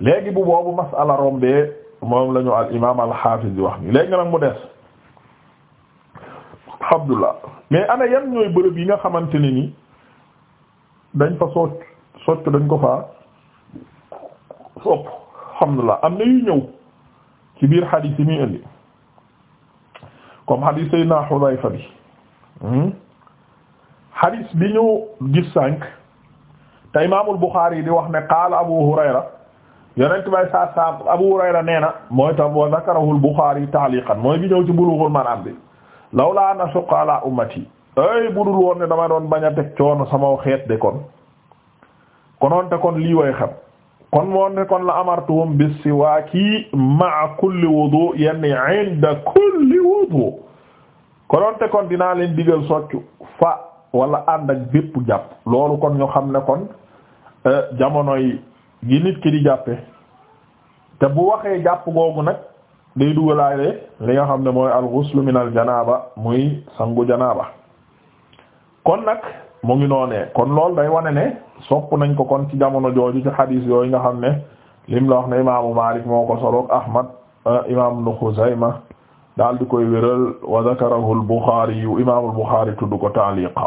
léegi bu boobu masala rombee moom lañu al imaam al xaafiz di wax nii léegi nag mu des alhamdulillah mais ana yan ñooy bërëb yi nga xamante ne dañ fa socc socc ko fa sopp alhamdulillah am na yu ñëw ci biir xadiis yi muy indi comme xadiis Seydina Xudayfa bi hmm? xadiis bi ñu gis sànq te imaamul Buxaari di wax ne qaala Abu Hurayra yonent bay saa saa Abu Hurayra nee na mooy tam wa zakarahu al-Bukhari ta'liqan mooy bi ñëw ci Bulughul Maram bi lawla an ashqa ala ummati ay budul woon ne dama doon bañ a teg coono sama xeet de kon konoon te kon lii way kon moon ne kon la amartuhum bis-siwaaki ma'a kulli wudu yani 'inda kulli wudu konoon kon dinaa leen digal soccu fa wala ànd ak bépp jàpp loolu kon ñu xam ne kon eh, jamono gi nit ki di jàppe te bu waxee jàpp googu nag day dugalaale li nga xam ne mooy al ghuslu min al janaaba muy sangu janaaba kon nag mu ngi noonee kon loolu day wane ne sopp nañ ko kon ci jamono jooju ci xadiis yooyu nga xam ne lim la wax ne imaamu Maalik moo ko soloog Ahmad eh, imaam Ibnu Xuzayma daal di koy wéral wa zakarahu al Buxaari yu imaamul Buxaari tudd ko ta'liqa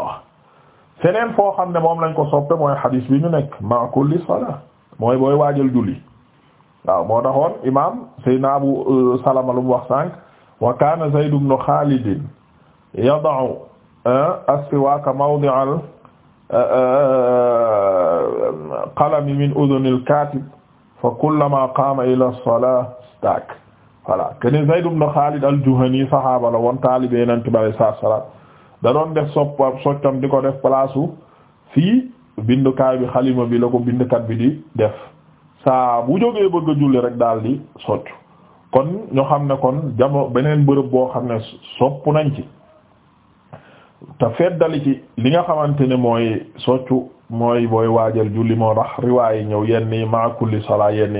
feneen foo xam ne moom lañ ko soppe mooy xadiis bi ñu nekk ma kulli salaa mooy booy waajal julli waaw moo taxoon imaam Seydina Abu euh, Salama lu wax sànq wa kaana Zayd ibn Xaalid yada'u euh, as-siwaaka euh, qalami min udunil kaatib fa kullamaa qaama ila al-Juhani saxaaba la woon taalibe Yonent bi alayhi salaatu wa da doon def soppam soccam ko def place fii bindukaay bi xalima bi la ko bindukat bi di def. saa bu jógee bëgg a julli rek daal di soccu kon ñoo xam ne kon jamo beneen bërëb boo xam ne sopp nañ ci te feddali ci li nga xamante ne mooy soccu mooy booy waajal julli moo tax riwaay ñëw yenn ma kulli salaa yenn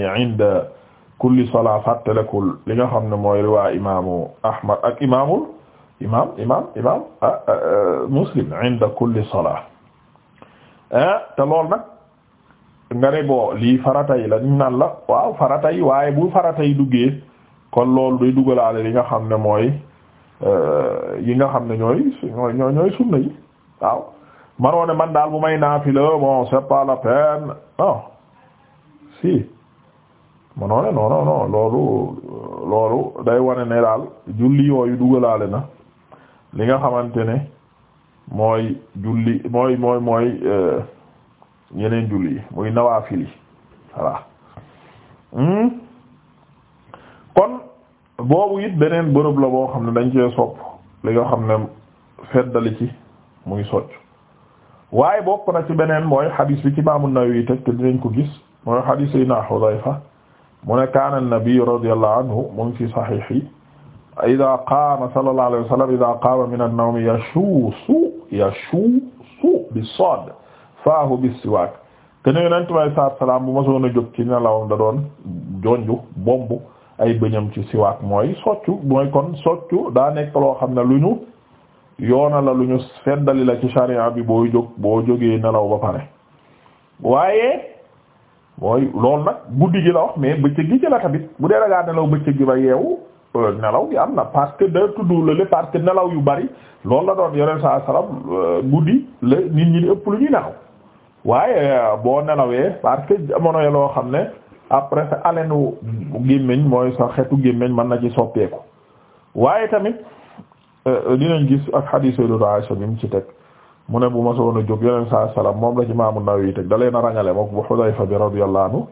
li nga xam ne mooy riwaay imaamu Ahmad ak imaamul imaam imaam imaam ah, ah, ah, Muslim inda kulli eh, lool nag nga ne boo lii farata yi la ñu naan la waaw farata yi waaye bu farata yi duggee kon loolu day dugalaale li nga xam ne mooy euh, yi nga xam ne ñooy ñooy ñooy yi waaw manoo man daal bu may naafila bon c'est pas la peine non si manoo ne non non loolu loolu day wane ne daal julli yooyu dugalaale na li nga xamante ne mooy julli mooy mooy mooy euh, yeneen julli yi muy nawaafil yi voilà hmm? kon boobu it beneen bërëb la boo xam ne dañ cee sopp li nga ne feddali ci muy socc waaye bokk na ci beneen mooy xadiis bi ci Imaam An-Nawawi teg te ko gis mooy xadiis Sayyidina Hudayfa mu ne kaana an-nabi radiyallahu anhu mu ngi ci saxiix yi idaa qaama sallallahu alayhi wa sallam idaa qaama min an-nawmi yashuusu yashuusu bi-saad faahu bis siwaak te ne yonent bi alayhi salaatu salaam bu ma soon a jóg ci nelaw da doon jonju bomb ay bëñam ci siwaak mooy soccu mooy kon soccu daa nekk loo xam ne lu ñu yoona la lu ñu feddali la ci sharia bi boo jóg boo jógee nelaw ba pare waaye mooy loolu nag guddi gi la wax mais bëccëg gi ci la tamit bu dee dangaa nelaw bëccëg gi ba yeewu euh, nelaw gi am na parce que da tudd lale parce nelaw yu bari lool la doon yoneen saa salaam euh, guddi la nit ñi di ëpp lu ñuy waaye euh, boo nelawee parce que jamono yi loo xam ne après sa alenu gémmiñ mooy sa xetu gémmiñ mën na ci soppeeku waaye tamit euh, dinañ gis ak xadiis Sayyidatu Aisha bi mu ci teg mu ne bu ma soon a jóg yonent saa salaam moom la ci Imaamu Nawawi teg da leen a ràññale mook bu Xudayfa bi radiyallahu anhu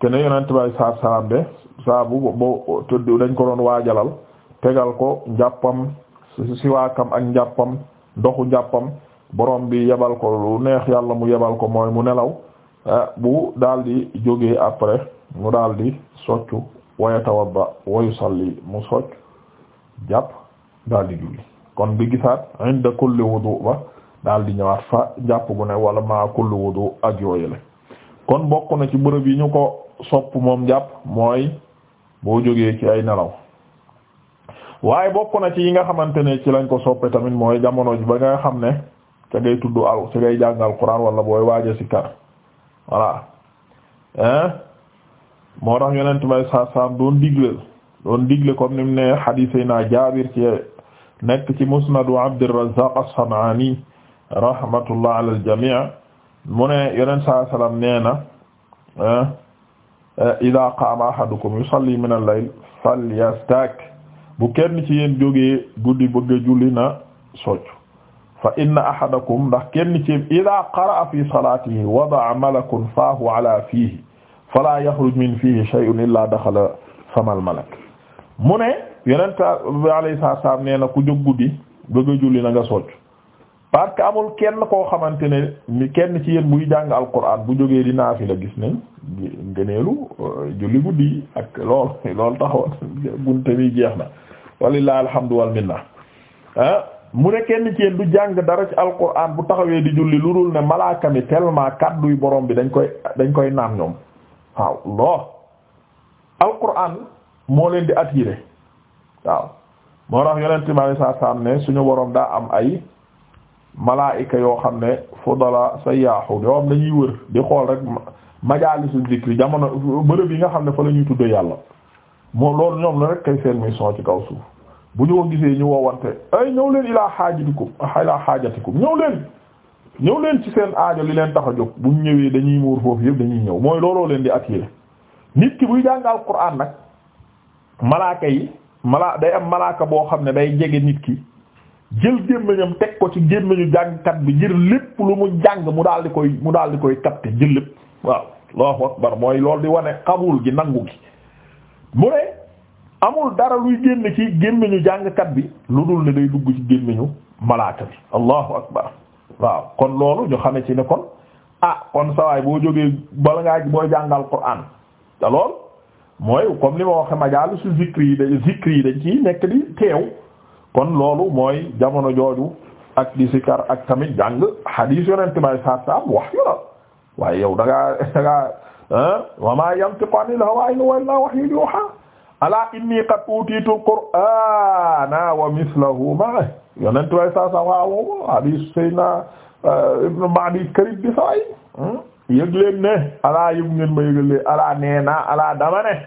te ne yonent saa salaam de saa bu boo tëdd dañ ko doon waajalal tegal ko njàppam siwaakam ak njàppam ndoxu njàppam borom bi yebal ko lu neex yàlla mu yebal ko mooy mu nelaw eh, bu daal di jógee après mu daal di soccu wa ba wa yusalli mu socc jàpp daal di kon bi gisaat inda kulli wudu ba daal ñëwaat fa jàpp gu ne wala ma kulli wudu ak yooyele kon bokk na ci bërëb yi ñu ko sopp moom jàpp mooy boo jógee ci ay nelaw waaye bokk na ci yi nga xamante ci lañ ko soppe tamit mooy jamono ji ba nga xam ne ca ngay tudd al ca ngay jàngal Qur'an wala booy waaja sikkar voilà hein moo yonent may saasaam doon digle doon digle comme ne hadith yi naa Jaabir ci nekk ci musnadu Abdurrazzaq as-San'ani rahmatullah ala al-jami' mu ne yonent saa salaam nee na eh, ida ahadukum yusalli min al-layl falyastak bu kenn ci yéen jógee guddi bëgg a soccu fa inna ahadakum ndax kenn ci ida qaraa fi salatihi wadaa malakun faahu ala fiihi fala yaxruj min fiihi shay'un illa daxala famal malak mu ne yonent bi alayhi salaam nee na ku jóg guddi bëgg a julli na nga socc parce que amul kenn koo xamante ne ni kenn ci yéen buy jàng alquran bu jógee di naafila gis nañ ngëneelu euh, julli guddi ak lool lool taxawoon bunte bi jeex na walillahi alhamdu wal minna ah mu ne kenn ci yéen du jàng dara ci alquran bu taxawee di julli lu dul ne malaaka mi tellement yu boroom bi dañ koy dañ koy naan ñoom waaw lool alquran moo leen di attiré waaw moo tax yonent mi alayhi salaatu ne suñu borom daa am ay malaayika yoo xam ne fudala sayaahu yoo xam dañuy wër di xool rek majaalisu zikri jamono bërëb yi nga xam ne fa la ñuy tuddee yàlla moo loolu ñoom la rek kay seen mission ci kaw suuf. bu ñu ko gisee ñu woowante ay ñëw leen ilaa xaajatikum ilaa xaajatikum ñëw leen ñëw leen ci seen aajo li leen tax a jóg bu ñëwee dañuy muur foofu yëpp dañuy ñëw mooy looloo leen di attiré nit ki buy jàng alquran nag malaaka yi mala day am malaaka boo xam ne day jege nit ki jël gémmiñam teg ko ci gémmiñu jàngkat bi ngir lépp lu mu jàng mu daal di koy mu daal di koy capté jël lépp waaw allahu akbar mooy loolu di wane xabul gi nangu gi mu ne amul dara luy génn ci gémmiñu jàngkat bi lu dul ne day dugg ci gémmiñu malaaka bi allahu akbar waaw kon loolu ñu xame ci ne kon ah kon sawaay boo jógee bala ngaa booy jàngal Qur'an te lool mooy comme li ma waxe majaalisu zikri yi da zikri yi dañ ci nekk di teew kon loolu mooy jamono jooju ak di sikar ak tamit jàng hadis yonent may saab wax yu waaye yow da ngaa da ngaa ah wa ma yantiqu anil hawa in huwa illa wahyun yuha alaa inni qad utiitu al-qur'aana wa mislahu ma'a yonent way sa sa waawo hadis sayna euh, ibnu Ma'di hmm? ne alaa yëg ma yëgal leen alaa neena alaa dama ne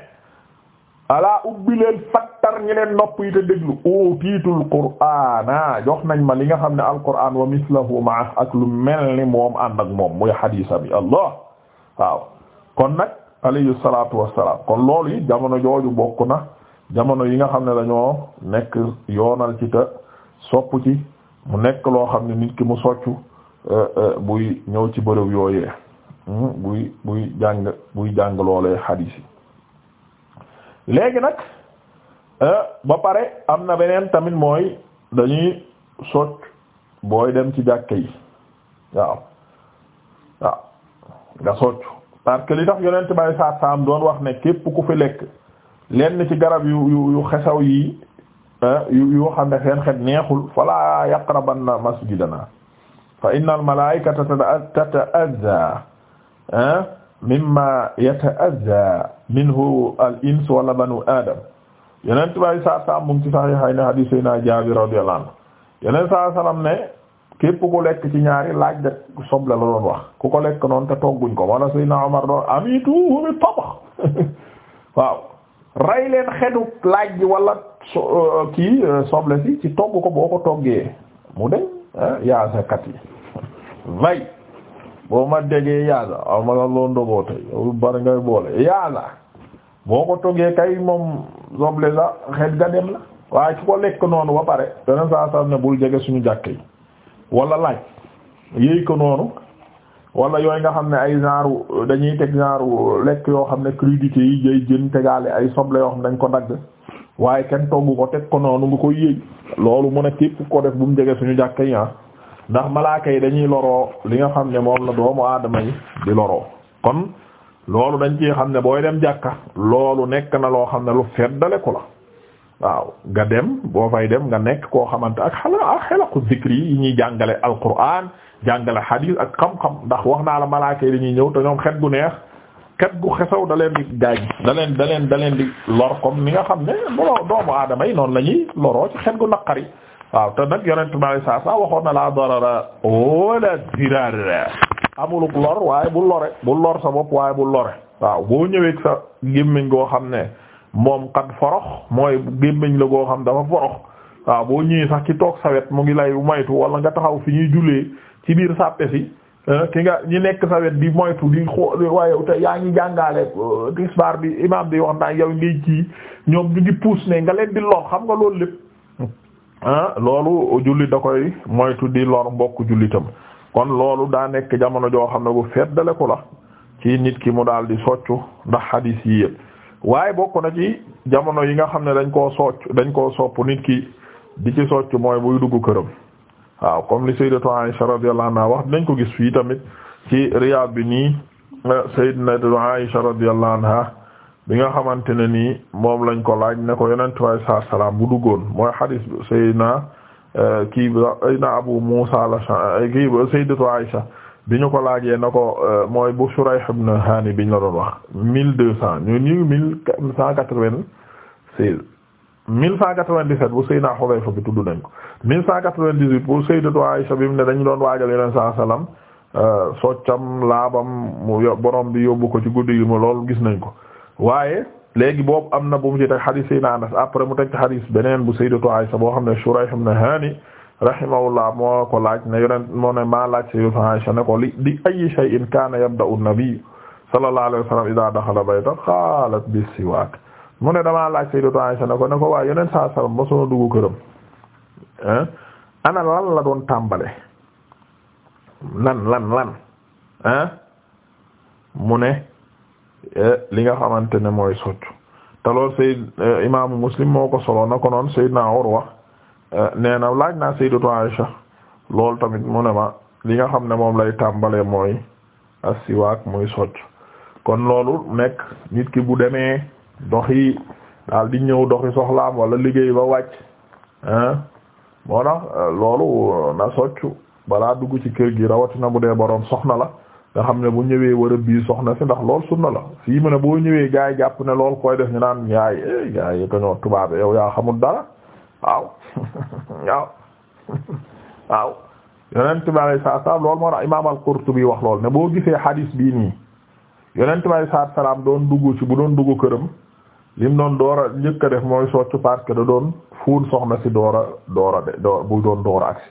alaa ubbi leen fattar ñi leen nopp yi te déglu utiitu al-qur'aana nañ ma li nga xam ne al wa mislahu ma'a ak lu mel ni moom ànd moom muy hadisa bi allah waaw kon nag alayhi salaatu wassalaam kon loolu yi jamono jooju bokk na jamono yi nga xam ne dañoo nekk yoonal ci te sopp ci mu nekk loo xam ne nit ki mu soccu euh, euh, buy ñëw ci bërëb yooyee hmm, buy buy jàng buy jàng loolee xadiis yi léegi nag euh, ba pare am na beneen tamit mooy dañuy socc booy dem ci jàkke yi waaw waaw nga soccu parce que li tax yonent bay saat saam doon wax ne képp ku fi lekk lenn ci garab yu yu yu xesaw yi yu xam ne seen xet neexul fala yaqrabanna masjidana fa inna almalaikata tata'azza mimma yata'azza minhu al wala banu adam yonent bay saat saam mu ci sax yi ne hadise y naa anhu yeneen saa salaam ne képp ku lekk ci ñaari laaj de soble la doon wax ku ko lekk noonu te togguñ ko wala na Omar doon amitu mi tabax waaw rey leen xedu laaj ji wala so euh, kii euh, soble si ci togg ko boo ko toggee mu deñ ah, yaasa kat yi vay boo ma déggee yaasa ama la loo ndogoo tey bari ngay boole yaasa boo ko toggee kay moom soble sa xet ga dem la waaye ku ko lekk noonu ba pare dana saa saa ne bul jege suñu jàkke yi wala laaj yéey ko noonu wala yooyu nga xam ne ay genre dañuy teg genre lekk yoo xam ne crudité yi jëy jën tegaale ay soble yoo xam ne dañ ko dagg waaye kenn togg ko teg ko noonu nga ko yéey loolu mu ne képp ko def bu mu jege suñu jàkka yi ah ndax malaaka yi dañuy loroo li nga xam ne moom la doomu aadama yi di loroo kon loolu dañ ci xam ne booy dem jàkka loolu nekk na loo xam ne lu feddale ko la waaw nga dem boo fay dem nga nekk koo xamante ak xala ak xelaqu zikri yi ñuy jàngale alquran jàngale hadith ak xam-xam ndax wax naa la malaaka yi dañuy ñëw te ñoom xet gu neex xet gu xesaw da leen di gaaj da leen da leen di lor comme nga xam ne loo aadama yi noonu la ñuy loroo ci xet gu waaw te nag yonent ma saa saa waxoon na laa darara wala dirar amuluk lor waaye bu lore bu lor sa bopp waaye bu lore waaw boo ñëwee sa gémmiñ goo xam ne moom kat forox mooy gémmiñ la goo xam dafa forox waaw boo ñëwee sax ci toog sawet mu ngi lay moytu wala nga taxaw fi ñuy jullee ci biir sàppe si eh, ki nga ñi nekk sawet di moytu di xool waaye te yaa ngi jàngaale eh, tisbaar bi imaam bi wax naa yow ngay kii ñoom ñu ngi puus ne nga leen di lor xam nga loolu lépp ah, loolu julli da koy moytu di lor mbokk jullitam kon loolu daa nekk jamono joo xam ne bu feddale ko la ci nit ki mu daal di soccu ndax hadis yi yëpp waaye bokk na ci jamono yi nga xam ne dañ koo socc dañ koo sopp nit ki di ci socc mooy buy dugg këram waaw comme li sayyidatu Aisha radiyallahu anha wax nañ ko gis fii tamit ci Riyad bi nii eh, sayyidatu Aisha radiyallahu anha bi nga xamante ne nii moom lañ ko laaj ne ko yonent waay saa salaam bu duggoon mooy hadith sayyidina eh, kii ba Abu Musa la eh, kii ba sayyidatu bi ñu ko laajee na ko euh, mooy bu Shurayh ibn Hani biñ la doon wax mille deux cent ñu ñu mille cent quatre-vingt-seize mille cent quatre-vingt-dix-sept bu Seydina Hudayfa bi tudd nañ ko mille cent quatre-vingt-dix-huit bu Sayyidatu Aisha bi mu ne dañu doon waajal yeneen sa salaam soccam laabam mu borom bi yóbbu ko ci guddi gi mu loolu gis nañ ko waaye léegi boobu am na bu mu ci teg xadiis Seydina boo xam ne Shurayh ibn Hani rahimahullah moo ko laaj ne moo ne maa laaj sayyidatu Aisha ne ko li li ayyi shay'in kaana yabda'u an-nabi sallallahu alayhi wa sallam idha dakhala baytan siwaak mu ne damaa laaj sayyidatu Aisha ne ko ne ko waaye yonent sallallahu ana lan la doon tàmbale lan lan lan mu ne eh, li nga xamante ne mooy soccu te loolu Sayyid eh, imaamu Muslim moo ko solo na ko noon Sayyidna Urwa Eh, nee na laaj naa de Aisha loolu tamit mu ne ma li nga xam ne moom lay tàmbalee mooy asiwaak muy socc kon loolu nekk nit ki bu demee doxi daal di ñëw doxi soxlaam wala liggéey ba wàcc ah moo tax eh, loolu eh, na socc balaa dugg ci kër gi rawatina bu dee boroom soxna la nga xam ne bu ñëwee war a bii soxna si ndax lool sunna la fii mu ne boo ñëwee gaa yi jàpp ne lool koy def ni naan yaay gaa yi ko ñoo tubaabe yow yaa xamul dara waaw waaw waaw yonent bi alayhi salaatu salaam loolu moo tax imaam al-Qurtubi wax lool ne boo gisee hadis bii nii yonent bi alayhi salaatu doon dugg ci bu doon dugg këram lim doon doora njëkk a def mooy soccu parce que da doon fuun soxna si doora doora de door bu doon doora ak si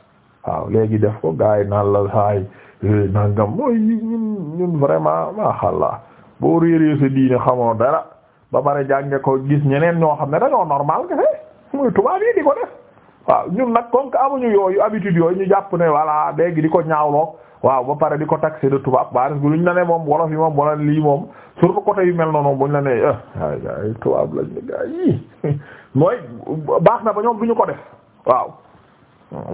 waaw léegi def ko gars yi saay eh, nangam mooy ñun ñun vraiment maaxàllaa boo réeree sa diine xamoo dara ba pare jànge ko gis ñeneen ñoo xam ne dañoo normal kese muy tubaab yi di ko def waaw ñun nag comme que yooyu habitude yooyu ñu jàpp ne voilà léegi di ko ñaawloo waaw ba pare di ko taxé de tubaab ba bu moom wolof yi moom wala lii moom surtout côté mel noonu buñ la ne ah mooy baax na ba ñoom bu ñu ko def waaw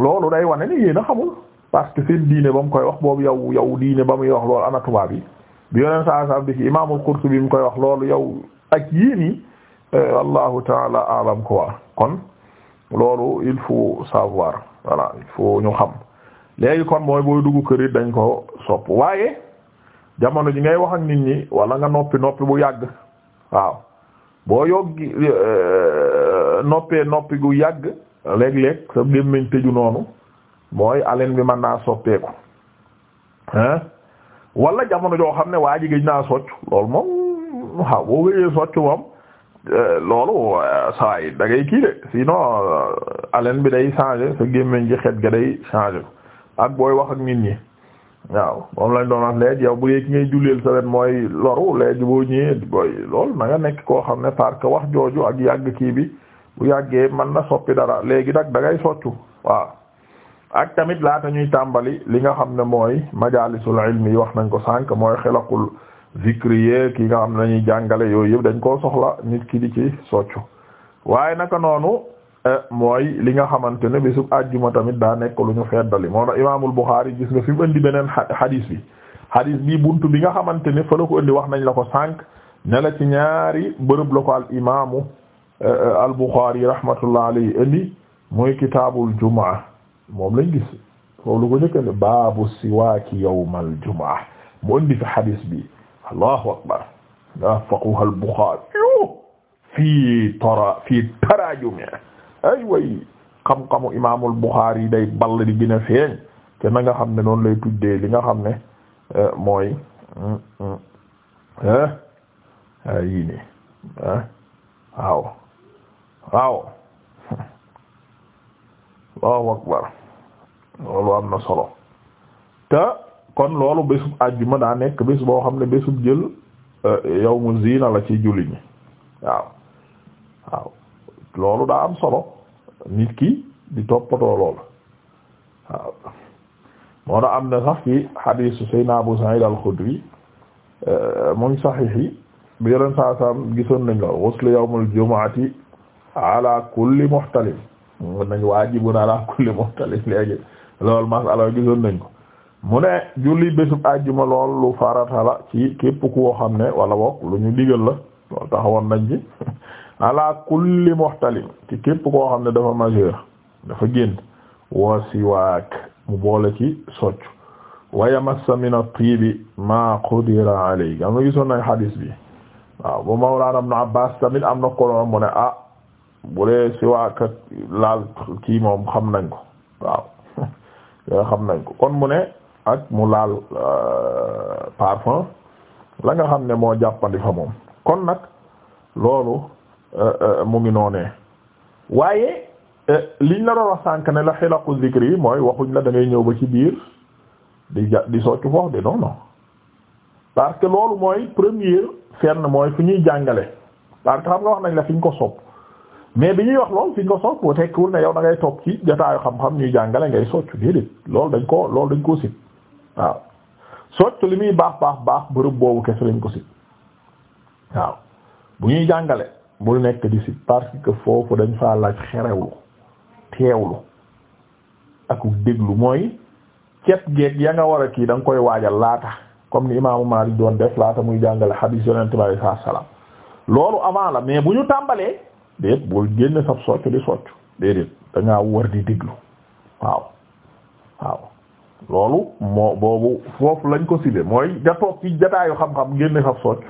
loolu day wane ni yéen a xamul parce que seen diine ba mu koy wax boobu yow yow diine ba muy wax loolu ana tubaab yi bi yoneen saa saa bi ci imaamul Qurtubi mu koy wax loolu yow ak yéen yi wallahu euh, taala alam quoi kon loolu il faut savoir voilà il faut ñu xam léegi kon mooy booy dugg kër it dañ ko sopp waaye jamono ji ngay wax ak nit ñi wala nga noppi noppi bu yàgg waaw boo yoggi euh, noppee noppi gu yàgg léeg-léeg sa gémmiñ tëju noonu mooy alen bi mën naa soppeeku hein wala jamono joo xam ne waa ji gëj naa socc loolu moom waaw boo gëjee socc moom loolu saa yi da ngay kii de sinon haleine bi day changer sa gémmiñ gi xet ga day changer ak booy wax ak nit ñi waaw moom lañ doon wax léegi yow bu dee ki ngay julleel sa wet mooy loru léegi boo ñëwee booy lool na nga nekk koo xam ne parce wax jooju ak yàgg kii bi bu yàggee mën na soppi dara léegi nag da ngay soccu waaw ak tamit laata ñuy tàmbali li nga xam ne mooy majalisul ilmi yi wax nañ ko sànq mooy xelakul zikriye yi nga xam ne jàngale yooyu yëpp dañ koo soxla nit ki di ci soccu waaye naka noonu eh, mooy li nga xamante ne bésub àjjuma tamit daa nekk lu ñu feddali moo tax imaamul gis nga fi mu indi beneen xadis bi xadis bi bunt bi nga xamante ne fa la ko indi wax nañ la ko sànq ne la ci ñaari bërëb la ko al imaamu eh, al Buxaari rahmatullah alayhi indi muy kitaabul jumaa moom lañ gis foofu lu ko njëkkale baabu siwaaki yawmal jumaa mu indi fi xadis bi allahu akbar daa faqaha al-Bukhari fii tara fii tarajumi ay way xam-xamu imaamul Bukhari yi day ball di gën a feeñ te na nga xam ne noonu lay tuddee li nga xam ne eh, mooy mm, mm, eh, eh, yii ni waaw waaw allahu akbar loolu am na solo te kon loolu bésub àjjuma daa nekk bés boo xam ne bésub jël euh, yawmu ziina la ci julli ñi waaw waaw loolu daa am solo nit ki di toppatoo loolu waaw moo tax am na sax ci xadiisu Seydina Abu Sa'id al-Khudri euh, muy saxiix yi bi yeneen saa gisoon nañ loolu ghuslu yawmul jumu'ati ala kulli muhtalim nañ waajibun ala kulli muhtalim léegi loolu masala gisoon nañ ko mu ne julli bésub àjjuma lool lu farata la ci képp koo xam ne wala bokk lu ñu digal la loolu taxawoon nañ ci ala kulli muhtalim ci képp koo xam ne dafa majeur dafa génn wa siwaak mu boole ci socc wa yamassa min at-tibi ma qudira alayhi am na gisoon nañ xadiis bi waaw bu mawlaana ibn Abbaas tamit am na ko mu ne ah bu dee siwaak laal kii moom xam nañ ko waaw yooyu xam nañ ko kon mu ne ak mu laal euh, parfum la nga xam ne moo jàppandi fa moom kon nag loolu euh, euh, mu ngi noonee waaye liñ la doon wax sànk ne la xilaqu zikri mooy waxuñ la dangay ngay ñëw ba ci biir di ja di soccu foofu di non parce que loolu mooy première fenn mooy fu ñuy jàngale parce que xam nga wax nañ la fi ñu ko sopp mais bi ñuy wax lool fi ñu ko sopp tekkiwul ne yow da ngay ci jotaayu xam-xam ñuy jàngale ngay soccu déedéet loolu dañ ko loolu dañ koo sit waaw socc li muy baax baax baax bërëb boobu kese lañ ko sit waaw bu ñuy jàngale bul nekk di sit parce que foofu dañ faa laaj xerewlu teewlu ak déglu mooy cet geeg ya nga war a kii da koy waajal laata comme ni imaamu Maalik doon def laata muy jàngale xadiis yonent bi alayhi salaam loolu avant la mais bu ñu tàmbalee déet bul génn sab socc di socc déedéet dangaa war di déglu waaw loolu moo boobu foofu lañ ko sile mooy nga toog ci jataayu xam-xam génne saf socc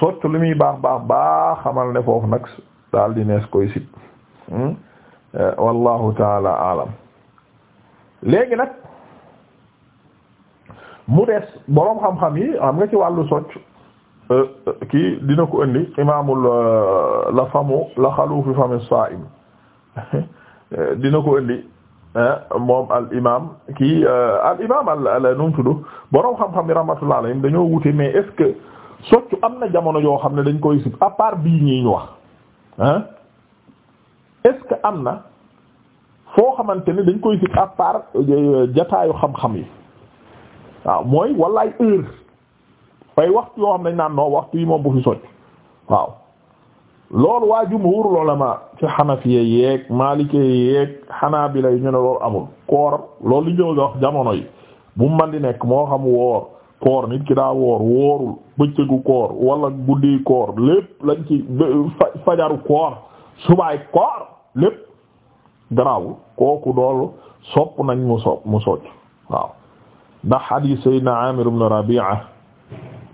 socc li muy baax baax baax xamal ne foofu nag daal di nees koy sit hmm? eh, wallahu taala alam léegi nag mu des boroom xam-xam yi xam nga ci wàllu socc eh, eh, kii dina ko indi imaamul la famu la xaluufi fami saim dina ko indi moom al imaam kii euh, al imaam al al nu mu tudd borom xam-xam yi rahmatullah alayhim dañoo wute mais est-ce que soccu am na jamono yoo xam ne dañ koy sib à part bii ñii wax ah est-ce que am na foo xamante ne dañ koy sib à part euh, jataayu xam-xam yi waaw mooy walaay heure fay waxtu yoo xam ne dañ naan non waxtu yi moom bu fi socc waaw. lool waa jumhurul ulama ci xanafiya yeeg malike yeeg xanaabila yi ñu ne loolu amul koor loolu li ñu jamono yi bu man nekk moo xam woor koor nit ki daa woor woorul bëccëgu koor wala guddi koor lépp lañ ci fajaru koor subaay koor lépp garaawul kooku dool sopp nañ mu sopp mu socc waaw ndax Amir ibn Rabi'a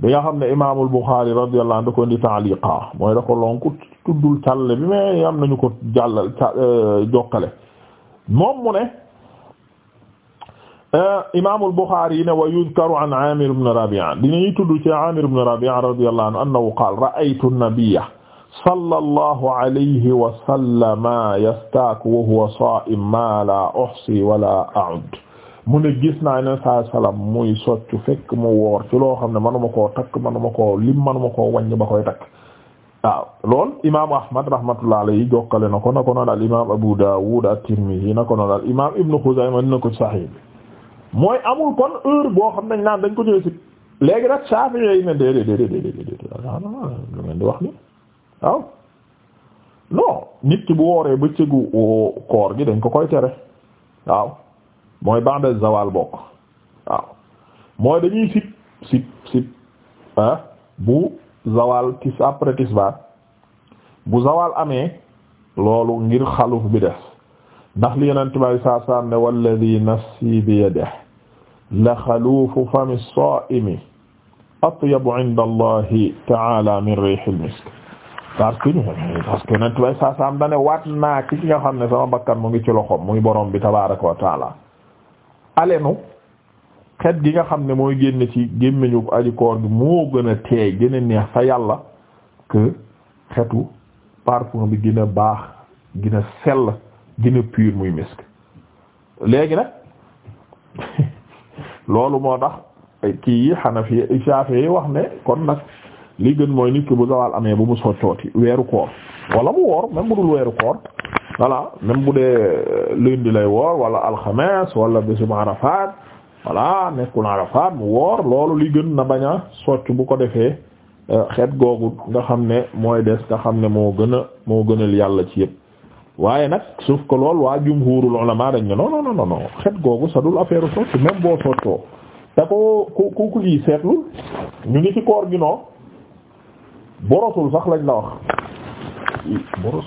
bi nga xam ne imaamul Buxaari radiyallahu anhu da ko indi taaliqa mooy da ko lonku tuddul càlle bi mais am nañu ko jàllal euh, jokkale moom mu ne euh, imaamul Buxaari ne wa yuzkaru an Aamir ibn Rabi'a dinañuy tudd ci Aamir ibn Rabi'a radiyallahu anhu annahu qaala ra'aytu an-nabiyya sallallahu alayhi wa sallama yastaaku wa huwa saa'im ma la uhsi wa la a'ud mu ne gis naa ne saa salaam muy soccu fekk mu woor ci loo xam ne manuma koo takk manuma koo lim manuma koo wàññ ba koy takk waaw lool imaamu ahmad rahmatullah alayhi jokkale na ko na ko noon al imaam abu daawud at-tirmidhi na ko noon al imaam ibnu xuzayma dina ko sahih mooy amul kon heure boo xam nañ naan dañ ko jël si léegi nag Shafi'i yi ne déedéet déedéet déedéet lu ngeen di wax ni waaw non nit ki bu wooree bëccëgu koor gi dañ ko koy tere waaw mooy ba'da zawal bokk waaw mooy dañuy sip sip sip bu zawal tis après tisbaar bu zawal amee loolu ngir xaluf bi des ndax li yenent bay saasaam ne walladhi nafsi bi yadihi la xaluufu fami a atyabu 'inda allahi ta'ala min rihil misk parce que parce saasaam dane waat naa ki nga xam ne sama bakkan mu ngi ci loxom muy borom bi tabaaraka wa alenu xet gi nga xam ne mooy génn ci gémmiñu aji koor gi moo gën a teey gën neex fa yàlla que xetu parfum bi gin a baax gën a sell gin a pur muy misk léegi nag loolu moo tax kii yi Hanafi Shafi'i wax ne kon nag li gën mooy nit ki bu zawal amee bu mu soccooti weeru koor wala mu woor même bu dul weeru koor voilà même bu dee euh, lundi lay woor wala alxames wala bésum arafat nekku nekkul arafat mu woor loolu li gën na bañ a bu ko defee euh, xeet googu nga xam ne mooy des nga xam ne moo gën a moo gënal yàlla ci yëpp waaye nag suuf ko lool waa jumhurul ulama dañ ne non non non non xeet googu sa dul affaire socc même boo soccoo te ko ku ku ku lii seetlu ñu ngi ci koor gi noo borosul sax lañ la wax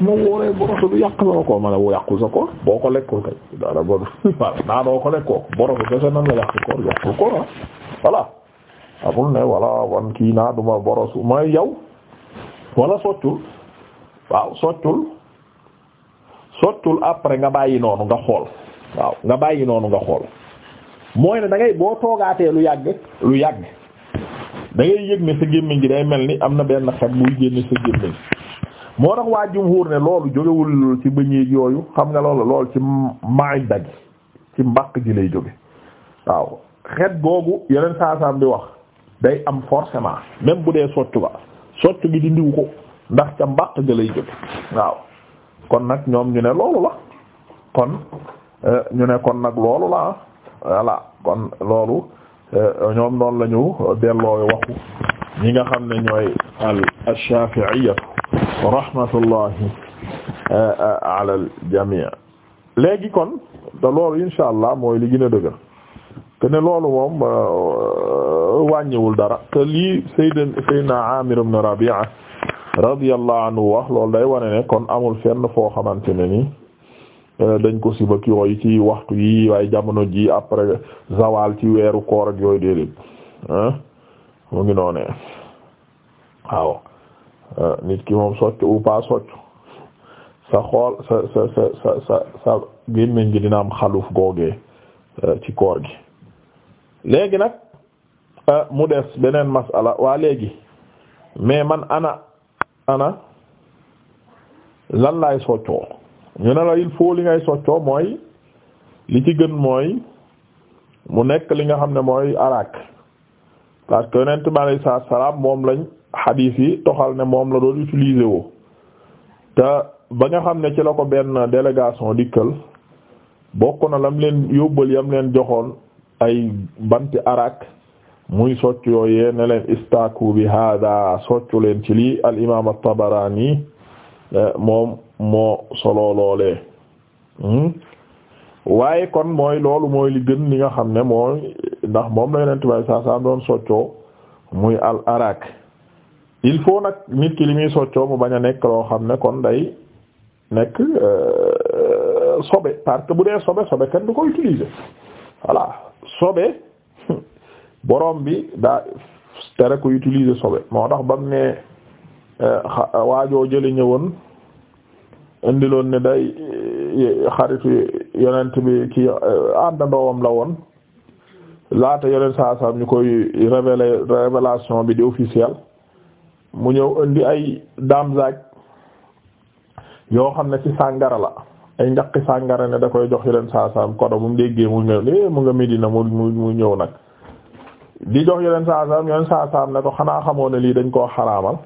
ma wooree borosu du yàq sama koor ma ne bu yàqul sa koor boo ko lekkul kay dara bon voilà naa doo ko borosu kese nan la yàq koor yàqul koor ah voilà amul ne voilà wan kii naa duma borosu mooy yow wala soccul waaw soccul soccul après nga bàyyi noonu nga xool waaw nga bàyyi noonu nga xool mooy ne da ngay boo toogaatee lu yàgg lu yàgg da ngay yëg ne sa gémmiñ gi day mel ni am na benn xet buy génn sa gémmiñ moo tax waa jumhuur ne loolu jógewul ci bëñ bëñéeg yooyu xam nga loolu loolu ci maaj dagi ci mbaq ji lay jóge waaw xet googu yeneen saasaam bi wax day am forcément même bu dee soccu ba soccu bi di ndiw ko ndax ca mbaq ji lay jóge waaw kon nag ñoom ñu ne loolu la kon euh, ñu ne kon nag loolu la voilà kon loolu euh, ñoom noonu la ñu delloo waxu ñi nga xam ne ñooy al Shafi'iyya rahmatullahi eh, eh, ala al jami' léegi kon te loolu insha allah mooy li gën a dëgër te ne loolu moom eh, wàññiwul dara te lii sayyidina sayyidina Amir ibn Rabi'a radiyallahu anhu wax loolu day wane ne kon amul fenn foo xamante ne nii dañ ko siba ki yooyu ci waxtu yi waaye jamono ji après zawal ci weeru koor ak yooyu déedéet mu ngi noonee waaw nit ki moom soccu ou pas soccu sa xool sa sa sa sa sa sa gi dina am xaluf googee euh, ci koor gi léegi nag euh, mu des beneen masala waa léegi mais man ana ana lan laay soccoo ñu ne la il faut li ngay soccoo mooy li ci gën mooy mu nekk li nga xam ne mooy araak parce que yonent bi alayhi salaam moom lañ xadiis yi toxal ne moom la doon utiliser woo te ba nga xam ne ci la ko benn délégation dikkal bokk na lam leen yóbbal yam leen joxoon ay banti arak muy socc yooyee ne leen istaaku bi hada soccu leen ci lii al imaam at-Tabarani eh, moom moo solo loolee hmm? waaye kon mooy loolu mooy li gën li nga xam ne mooy ndax moom la yeneen tubaab saa doon soccoo muy al arak il faut nag nit ki li muy soccoo mu bañ a nekk loo xam ne kon day nekk euh, sobe parce bu dee sobe sobe kenn du ko utiliser voilà sobe borom bi daa tere ko utiliser sobe moo tax ba ne euh, waajoo jëli ñëwoon indiloon ne day euh, xaritu yonent bi ki àndandoowam la woon laata yeneen saa saa ñu koy révélation bi di officiel mu ñëw indi ay damzaaj yoo xam ne ci sàngara la ay njaqi sàngara ne da koy jox leen saa saa kodo bu mu déggee mu ñëw mu nga Medina mu mu ñëw nag di jox yeneen saa saa yeneen saa saa ne ko xanaa xamoo lii dañ koo xaraamal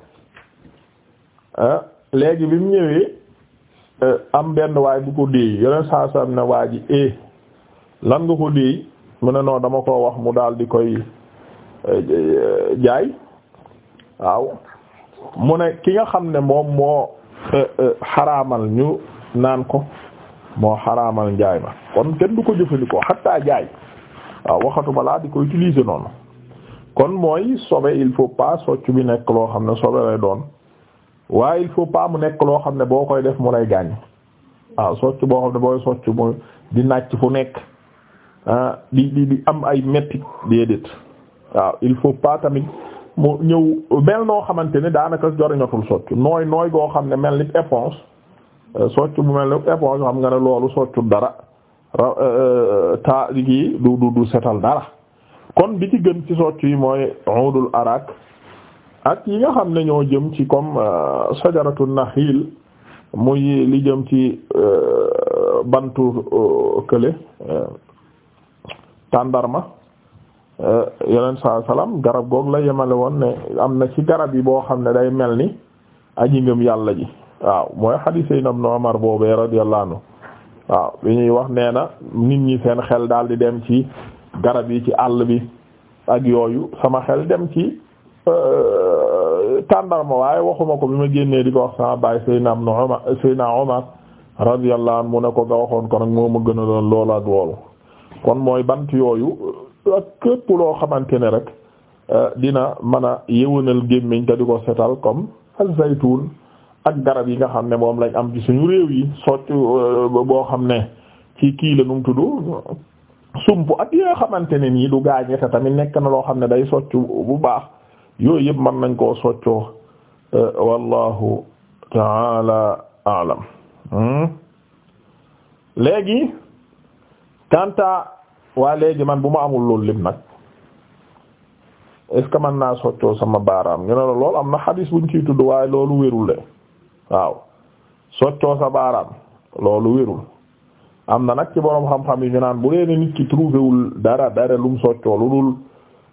eh, léegi bi mu ñëwee eh, am benn waay bu ko déey yeneen saa saa ne waa ji eh, lan nga ko déey mu ne non dama ko wax mu daal di koy eh, eh, jaay waaw mu ne ki nga xam ne moom moo eh, xaraamal ñu naan ko moo xaraamal njaay ma kon kenn du ko jëfandikoo xatta jaay waaw waxatu balaa di ko utiliser noonu kon mooy sobe il faut pas socc bi nekk loo xam ne sobe lay doon waaye il faut pas mu nekk loo xam ne boo koy def mu lay gaañ waaw socc boo xam ne booy socc mu di nàcc fu nekk ah di di di am ay mettit déedéet waaw il faut pas tamit mu ñëw mel noo xamante ne daanaka joriñatul socc nooy nooy goo xam ne mel ni éponge euh, socc bu mel ni éponge xam nga ne loolu soccu dara euh, euh, ta gi du du setal dara kon bi ci gën ci socc yi mooy udul arak ak yi nga xam ne ñoo jëm ci comme na naxil muy li jëm ci bantu kële tàndarma euh, yeneen saa salaam garab goog la yemale woon ne am na ci garab yi boo xam ne day mel ni aji ngëm yàlla ji waaw mooy xadiis yi nam no boobee radiyallahu waaw li ñuy wax nee na nit ñi seen xel daal di dem ci garab yi ci àll bi ak yooyu sama xel dem ci euh, tàndarma waaye waxuma ko bi ma génnee di ko wax sama baay Seydina am na Umar Seydina Umar mu ne ko nga waxoon ko nag moo ma gën a loolu ak loolu kon mooy bant yooyu euh, ak képp loo xamante ne rek euh, dina mën a yëwanal gémmiñ te di ko setal comme az-zaytun ak garab yi nga xam ne moom lañ am ci suñu réew yi socc euh, boo xam ne ci kii la nu mu tudd sump ak yi nga xamante ne nii du gaa te tamit nekk na loo xam ne day socc bu baax yooyu yëpp man nañ koo soccoo wallahu taala alam hmm? léegi kanta waa léegi man bu ma amul loolu lim nag est-ce que man naa soccoo sama baaraam ñu la loolu am na xadis buñ ciy tudd waaye loolu wérul de waaw soccoo sa baaraam loolu wérul am na nag ci boroom xam-xam yi ñu naan bu dee ne nit ki trouvé wul dara dara lum soccoo lu dul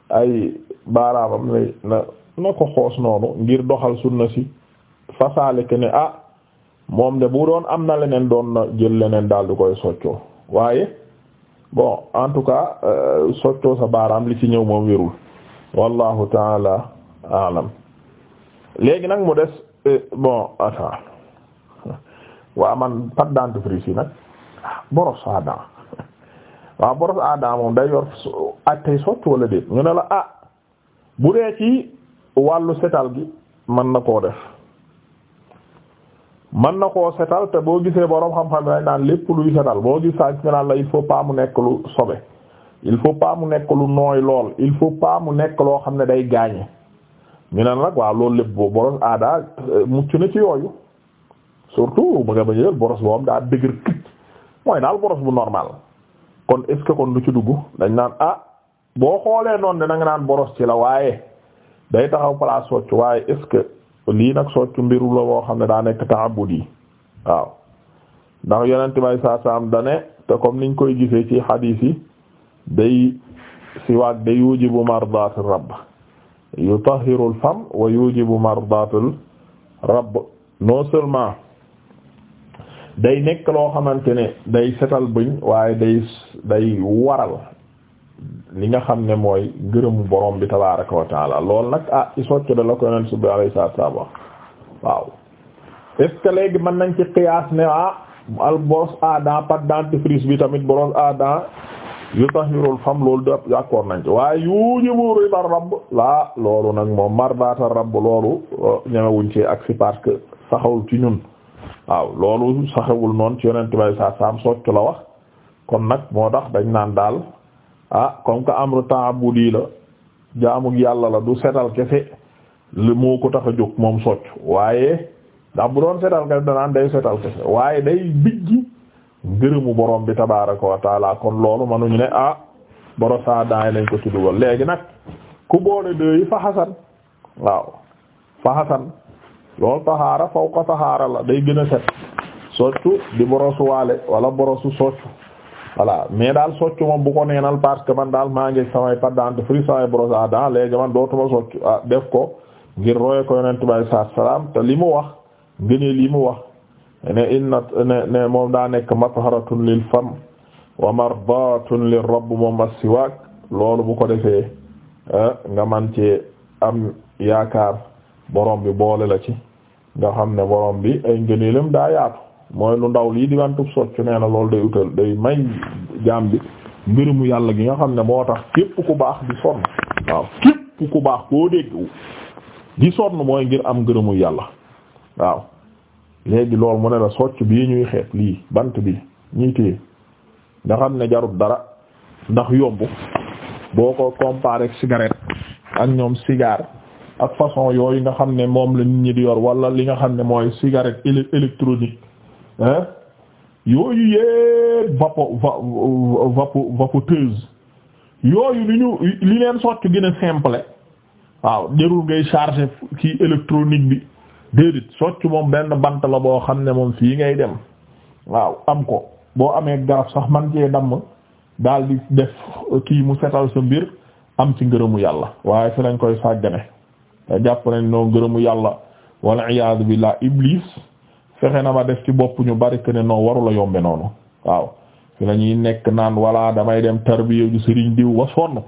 ay baaraamam ne na na ko xoos noonu ngir doxal sunna si fasaale ke ne ah moom de bu doon am na leneen doon na jël leneen daal di koy soccoo waaye. bon en tout cas euh, soccoo sa baaraam li ci ñëw moom wérul wallahu taala alam léegi nag mu des euh, bon attends waa man pâte dentifrice yi nag boros à dents waaw boros à dents moom day yor ak ah, socc wala déet ñu ne la ah bu dee ci wàllu setal gi mën na koo def man na ko setal te boo gisee borom xam-xam dañ naan lépp luy setal boo gis saa si naan la il faut pas mu nekk lu sobe il faut pas mu nekk lu nooy lool il faut pas mu nekk loo xam ne day gaañe ñu ne nag waaw loolu lépp boo boros aada euh, mucc na ci yooyu surtout ba nga bañ a jël boros boobu daa dëgër kicc mooy daal boros bu normal kon est ce que kon lu ci dugg dañ naan ah boo xoolee noonu de nga naan boros ci la waaye day taxaw place wocc waaye est lii nag soccu mbiru la boo xam ne daa nekk ta'abbud yi waaw ndax yonent bay saa saam dane te comme niñ koy gisee ci xadiis yi day siwaak day yujibu mardaatul rabb yutahhirul fam wa yujibu mardaatul rabb non seulement day nekk loo xamante ne day setal bëñ waaye day day waral li nga xam ne mooy ngërëmu borom bi tabaaraka wa taala loolu nag ah ci soccu da la ko yonent mën nañ ci ne ah al brosse bi tamit brosse à yu tahirul fam loolu d nañ ci waaye yujibu rida rabb laa loolu nag moom euh, ci ak si parce ci ñun waaw loolu saxawul noonu ci yonent bi alayhi wax kon nag moo tax dañ naan daal ah comme que amru ta'abbudi la jaamug yàlla la du setal kese li mu ko tax a jóg moom socc waaye ndax bu doon setal kese danaan day setal kese waaye day bijji ngërëmu borom bi tabaaraka wa taala kon loolu ñu ne ah borosaa daay lañ ko ci dugal léegi nag ku boole deux la day gën a set soccu di borosu waale wala borosu soccu voilà mais daal soccu moom bu ko neenal parce que man daal maa ngi samay pâte dentifrice samay brosse à dents léegi man dootuma soccu ah def ko ngir roye ko yonent bi salaam te li mu wax ngëneel li mu wax ne inna ne ne moom daa nekk matharatun lil fam wa mardatun lir rabb moom as-siwaak loolu bu ko defee eh, nga man ci am yaakaar borom bi boole la ci nga xam ne borom bi ay ngëneelam daa yaatu mooy lu ndaw lii di wantub soccu nee na loolu day utal day may jaam bi ngërëmu yàlla gi nga xam ne moo tax képp ku baax di sonn waaw képp ku baax koo dégg di sonn mooy ngir am ngërëmu yàlla waaw léegi loolu mu ne la socc bii ñuy xeet lii bant bi ñuy téye nga xam ne jarut dara ndax yomb boo ko comparé ak cigarette ak ñoom cigare ak façon yooyu nga xam ne moom la nit ñi di yor wala li nga xam ne mooy cigarette électronique yooyu yépp vapo vapo vapoteuse yooyu li ñu li leen sotti gën a simple waaw jërul ngay charger kii électronique bi déedéet socc moom benn bant la boo xam ne moom fii ngay dem waaw am ko boo amee garab sax man cee damm daal di def kii mu setal sa mbir am ci ngërëmu yàlla waaye fi lañ koy sàggane te jàpp nañ noo ngërëmu yàlla walla iyaadu billaah iblis fexe na ma def ci bopp ñu bari que ne non warula yombe noonu waaw fi la nekk naan walla damay dem tarbiya ju sëriñ diw ba sonn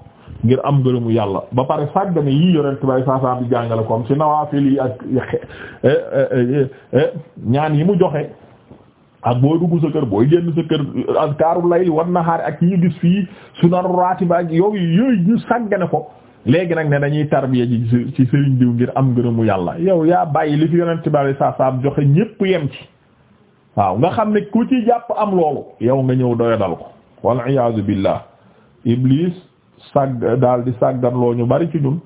ngir am ngërëmu yàlla ba pare sàggane yii yorent bay saasaa bi jàngale comme si nawaafil yi ak eh, eh, eh, ñaan yi mu joxe ak boo dugg sa kër booy génn sa kër azkaarul layli wan nahaar ak yi ñu gis fii sunan raatiba ak yooyu yooyu ñu sàggane ko léegi nag ne dañuy tarbiya ji ci sëriñ diw ngir am ngërëmu yàlla yow yaa bàyyi li fi yonent bi saa saa joxe ñépp yem ci waaw nga xam ne ku ci jàpp am loolu yow nga ñëw doyadal ko wal iyaazu billah iblis sàgg daal di sàggan loo ñu bari ci ñun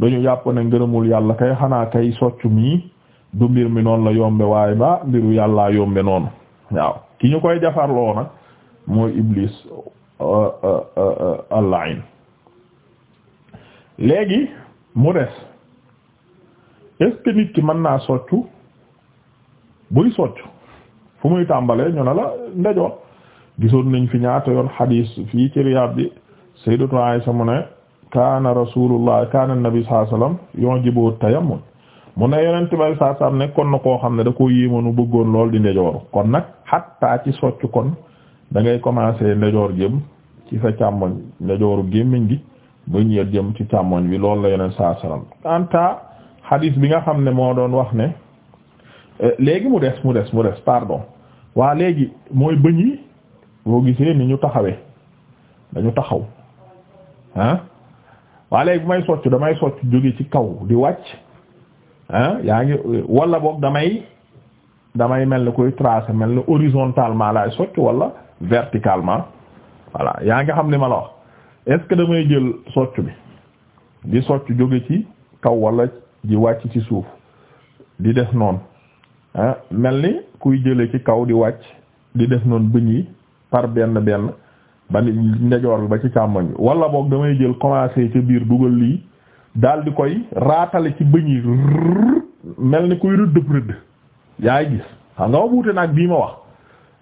dañu jàpp ne ngërëmul yàlla kay xanaa kay soccu mii du mbir mi noonu la yombe waaye ba mbiru yàllaa yombe noonu waaw ki ñu koy jafarloo nag mooy iblis euh, euh, euh, al léegi mu des est nit ki mën naa soccu buy soccu fu muy tàmbalee ñu na la ndejoor gisoon nañ fi ñaata yoon xadiis fii ci Riyaad bi Sayyidatu Aysa mu ne kaana rasulullah kaana nabi sallallahu alayhi wasallam yujibu tayammum mu ne yonent bi saa saam nekkoon na koo xam ne da koo yéemoonu bëggoon lool di ndejooru kon nag xattaa ci soccu kon da ngay commencer ndejoor jëm ci sa càmmoñ ndejooru gémmiñ gi bëñ ya jëm ci càmmoñ bi loolu la yeneen saa salaam anta hadith bi nga xam ne moo doon wax ne euh, léegi mu des mu des mu des pardon waa léegi mooy bëñ yi boo gisee ni ñu taxawee dañu taxaw ah waa léegi bu may soccu damay soccu jóge ci kaw di wàcc ah yaa ngi wala boog damay damay mel ni koy tracer mel ni horizontalement laay soccu wala verticalement voilà yaa ngi xam li ma la wax est-ce que damay jël socc bi di socc jóge ci kaw walla di wàcc ci suuf di des noonu ah, mel ni kuy jële ci kaw di wàcc di des noonu bëñ yi par benn benn ba ndejoor bi ba ci càmmoñ bi wala boog damay jël commencer ca biir dugal lii daal di koy raatale ci bëñ yi mel ni kuy rëdd rëdd yaay gis xam nga ma buute nag bii ma wax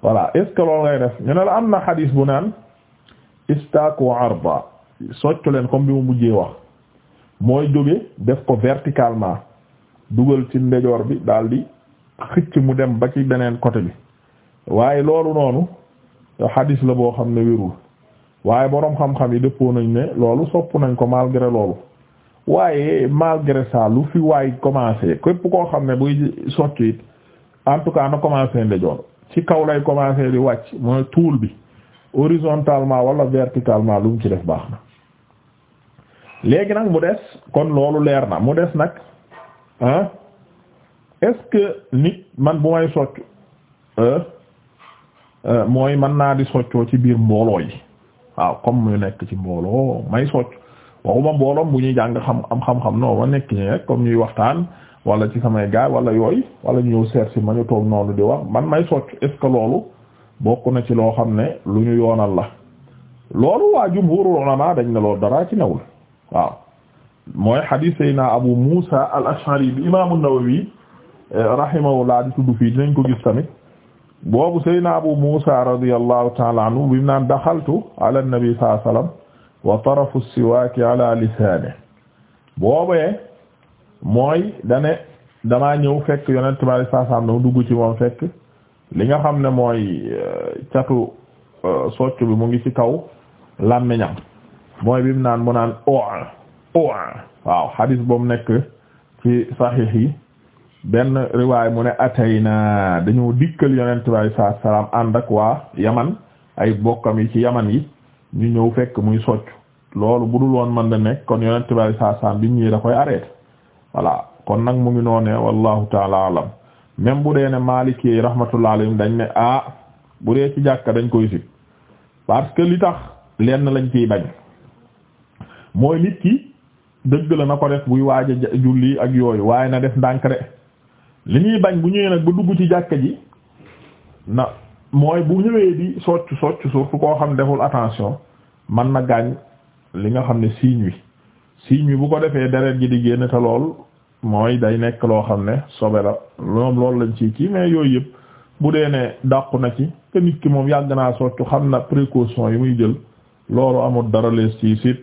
voilà est-ce ngay def ñu ne la am na xadiis bu naan istaaku arba soccu leen comme bi mu mujjee wax mooy jóge def ko verticalement dugal ci ndejoor bi daldi xëcc mu dem ba ci beneen côté bi waaye loolu noonu xadis la boo xam ne wérul waaye boroom xam-xam yi dëppoo nañ ne loolu sopp nañ ko malgré loolu waaye malgré ça lu fi waay commencé képp koo xam ne buy soccu it en tout cas na commencé ndejoor ci kaw lay commencé di wàcc mooy tuul bi horizontalement wala verticalement lu mu ci def baax na léegi nag mu des kon loolu leer na mu des nag ah est nit man bu may soccu euh, mooy man naa di soccoo ci biir mbooloo yi waaw comme ñu nekk ci mbooloo may socc waxuma mbooloom bu ñuy jàng xam am xam-xam non ma nekk ñi rek comme ñuy waxtaan wala ci samay gaay wala yooyu wala ñu ñëw seet si ma ñu toog noonu di wax man may socc est-ce que loolu bokk na ci loo xam ne lu ñu yoonal la loolu waa jumhurul ulama dañ ne loolu daraa ci newul waaw mooy hadith sayna abu musa al bi imam an-nawawi rahimahullah di tudd fii dinañ ko gis tamit boobu sayna abu musa radiyallahu ta'ala anhu bi naan daxaltu ala nabi sallallahu alayhi wasallam wa tarafu mooy dane damaa ñëw fekk yonent bi sallallahu alayhi wasallam dugg ci moom fekk li nga xam ne mooy euh, catu euh, socc bi mu ngi ci kaw làmmiñam mooy bi mu naan mu naan o oh, o oh, waaw hadis boobu nekk ci saxiix yi benn riwaay mu ne atayna dañoo dikkal yonent bi alayhi salaatu salaam ànd waa yaman ay bokkam yi ci yaman yi ñu ñëw fekk muy socc loolu bu dul woon mën na nekk kon yonent bi alayhi salaatu salaam bi da koy arrêté voilà kon nag mu ngi noonee wallahu taala alam même bu dee ne Maliki yi rahmatullah alayhim dañ ne ah bu dee ci jàkka dañ koy sib parce que li tax lenn lañ kiy bañ mooy nit ki dëgg la na ko def buy waaj a julli ak yooyu waaye na def ndànk de li ñuy bañ bu ñëwee nag ba dugg ci jàkka ji na mooy bu ñëwee di socc socc surtout koo xam deful attention man na gaañ li nga xam ne siiñ wi siiñ wi bu ko defee deret ji di génn te lool mooy day nekk loo xam ne sobe la moom loolu lañ ci kii mais yooyu yëpp bu dee ne dàqu na ci te nit ki moom yàgg naa soccu xam na précaution yi muy jël loolu amul dara lees ci sit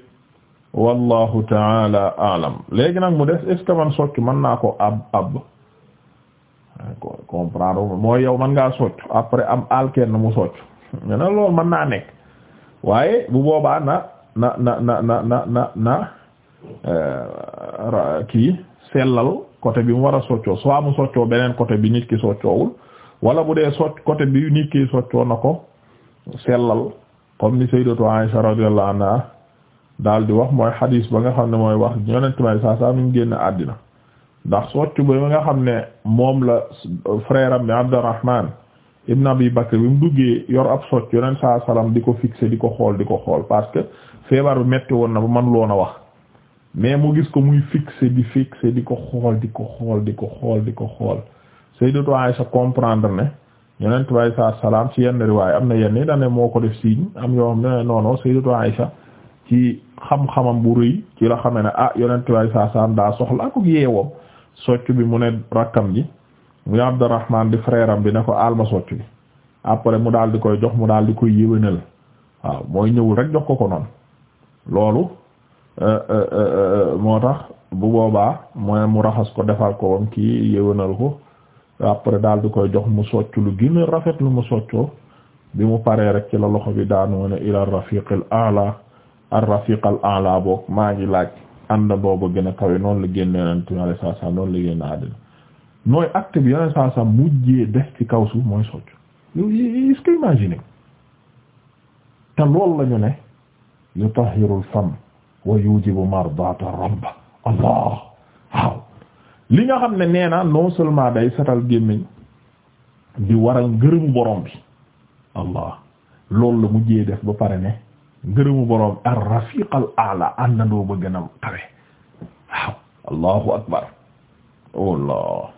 wallahu taala alam léegi nag mu des est-ce man soccu mën naa ko ab ab comprendre mooy yow man ngaa soccu après am alkenn mu soccu mais nag loolu mën naa nekk waaye bu boobaa na na na na na na na euh, kii sellal côté bi mu war a soccoo soit mu soccoo beneen côté bi nit ki soccoowul wala bu dee socc côté bi nit ki soccoo na ko sellal comme ni sayyidatu Aisha radiyallahu anha daal di wax mooy xadiis ba nga xam ne mooy wax yonent may saa saa mu génn àddina ndax soccu ba nga xam ne moom la frère am bi Abdurrahman ibn bi Bakr bi mu duggee yor ab socc yonent saa salaam di ko fixé di ko xool di ko xool parce que feebar bi metti woon na ba man loon a wax mais mu gis ko muy fixé di fixé di ko xool di ko xool di ko xool di ko xool Sayyidatu sa comprendre ne yeneen tubaab saa salaam ci yenn riwaay am na yenn yi dañ moo ko def signe am yoo xam ne non non Sayyidatu Aisha ci xam-xamam bu ci la xamee ne ah yeneen tubaab saa salaam daa soxla ak yeewoom socc bi mu ne rakkam ji muy Abdurrahman di frère bi ne ko alma socc bi après mu daal di koy jox mu daal di koy yéwénal waaw mooy ñëwul rek jox ko ko noonu loolu. Euh, euh, euh, moo tax bu boobaa mooy mu raxas ko defal ko wam kii yëwanal ko après daal di koy jox mu socc lu gën a rafet lu mu soccoo bi mu paree rek ci la loxo bi daan woon ila rafiq al a'la ar rafiq al a'la boog maa ngi laaj ànda boobu gën a kawe noonu la génn yonent bi noonu la génn àddina nooy acte bi yonent sallallahu alayhi wasallam mujjee des ci kaw suuf mooy socc yooyu est-ce que imaginer te loolu la ñu ne yutahhirul fam wa yujibu mardata rabb waaw li nga xam ne nee na non seulement day setal gémmiñ di waral ngërëmu borom bi allah loolu la mujjee def ba pare ne ngërëmu borom ar rafiq al a'la àndandoo ba gën a kawe waaw allahu akbar wallah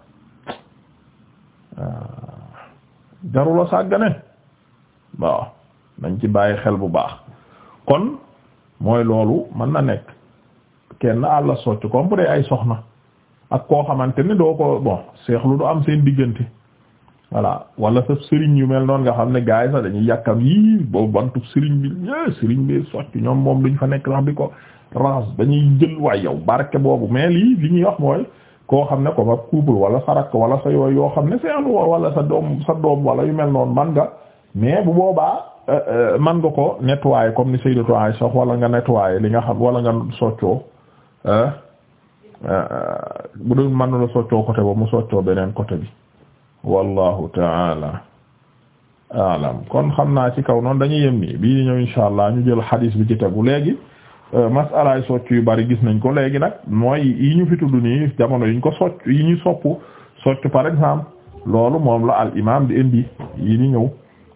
jarula sàggane waaw nañ ci bàyyi xel bu baax kon mooy loolu mën na nekk kenn àll socc comme bu dee ay soxna ak koo xamante ne doo ko bon seexlu du am seen diggante voilà wala sa sëriñ yu mel noon nga xam ne gars yi sax dañuy yàkkam yi boobu bantu sëriñ bi é sëriñ bi socc ñoom moom ñu fa nekk xam di ko raas dañuy jël waay yow barke boobu mais lii li ñuy wax mooy koo xam ne ko ba couple wala sa rakk wala sa yooyu yoo xam ne seexlu wala sa doom sa doom wala yu mel noon man nga mais bu boobaa Euh, euh, man nga ko nettoyer comme ni Sayyidatu Aisha wala nga nettoyer li nga xam wala nga soccoo euh, bu dul mën la soccoo côté ba mu soccoo beneen côté bi wallahu taala alam kon xam naa ci kaw noon dañuy yem nii bii di ñëw insha allah ñu jël xadiis bi ci tegu léegi masalaay socc yu bari gis nañ ko léegi nag mooy yi ñu fi tudd nii jamono yi ñu ko socc yi ñu sopp socc par exemple loolu moom la al imam di indi yi ñëw